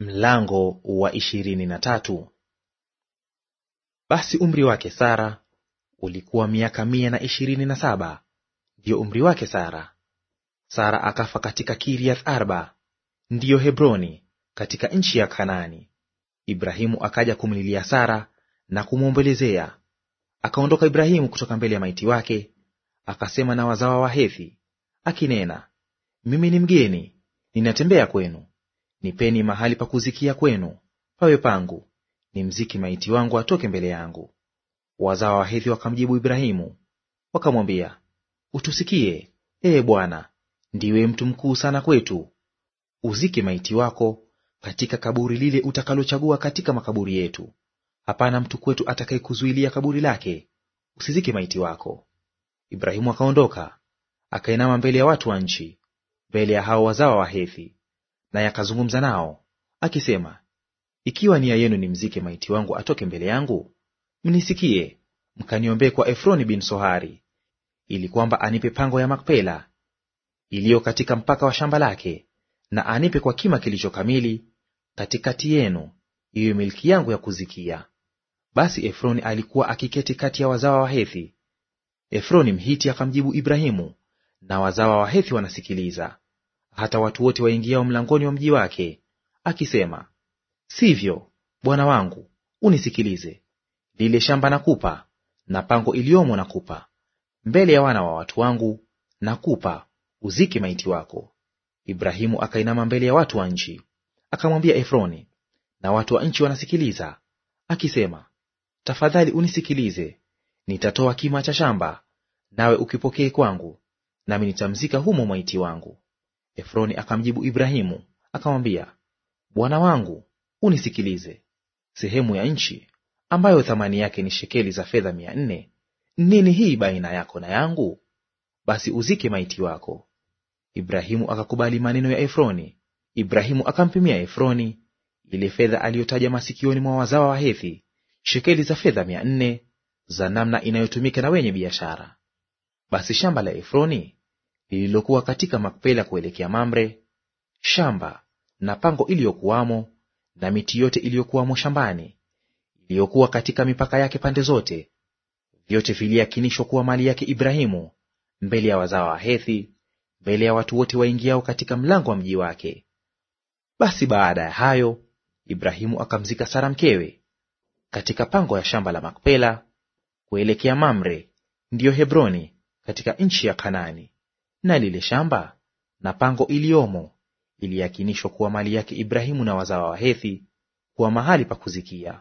Mlango wa ishirini na tatu. Basi umri wake Sara ulikuwa miaka mia na ishirini na saba ndiyo umri wake Sara. Sara akafa katika Kiriath Arba ndiyo Hebroni katika nchi ya Kanaani. Ibrahimu akaja kumlilia Sara na kumwombolezea. Akaondoka Ibrahimu kutoka mbele ya maiti wake, akasema na wazawa wa Hethi akinena, mimi ni mgeni, ninatembea kwenu Nipeni mahali pa kuzikia kwenu, pawe pangu, nimziki maiti wangu atoke mbele yangu. Wazao wa Hethi wakamjibu Ibrahimu wakamwambia, utusikie, ee Bwana, ndiwe mtu mkuu sana kwetu. Uzike maiti wako katika kaburi lile utakalochagua katika makaburi yetu. Hapana mtu kwetu atakayekuzuilia kaburi lake, usizike maiti wako. Ibrahimu akaondoka akainama mbele ya watu wa nchi, mbele ya hao wazao wa Hethi naye akazungumza nao akisema, ikiwa nia yenu ni mzike maiti wangu atoke mbele yangu, mnisikie mkaniombee kwa Efroni bin Sohari, ili kwamba anipe pango ya Makpela iliyo katika mpaka wa shamba lake, na anipe kwa kima kilicho kamili katikati yenu, iwe milki yangu ya kuzikia. Basi Efroni alikuwa akiketi kati ya wazawa wa Hethi. Efroni Mhiti akamjibu Ibrahimu, na wazawa wa Hethi wanasikiliza hata watu wote waingiao mlangoni wa mji wake, akisema, sivyo, bwana wangu, unisikilize; lile shamba nakupa, na pango iliyomo nakupa, mbele ya wana wa watu wangu nakupa, uzike maiti wako. Ibrahimu akainama mbele ya watu wa nchi, akamwambia Efroni, na watu wa nchi wanasikiliza, akisema, tafadhali unisikilize; nitatoa kima cha shamba, nawe ukipokee kwangu, nami nitamzika humo maiti wangu. Efroni akamjibu Ibrahimu akamwambia, bwana wangu, unisikilize, sehemu ya nchi ambayo thamani yake ni shekeli za fedha mia nne nini hii baina yako na yangu? Basi uzike maiti wako. Ibrahimu akakubali maneno ya Efroni. Ibrahimu akampimia Efroni ile fedha aliyotaja masikioni mwa wazawa wa Hethi, shekeli za fedha mia nne za namna inayotumika na wenye biashara. Basi shamba la Efroni lililokuwa katika Makpela kuelekea Mamre, shamba na pango iliyokuwamo na miti yote iliyokuwamo shambani iliyokuwa katika mipaka yake pande zote, vyote viliakinishwa kuwa mali yake Ibrahimu mbele ya wazao wa Hethi, mbele ya watu wote waingiao katika mlango wa mji wake. Basi baada ya hayo Ibrahimu akamzika Sara mkewe katika pango ya shamba la Makpela kuelekea Mamre, ndiyo Hebroni, katika nchi ya Kanaani na lile shamba na pango iliyomo iliyakinishwa kuwa mali yake Ibrahimu na wazawa wa Hethi, kuwa mahali pa kuzikia.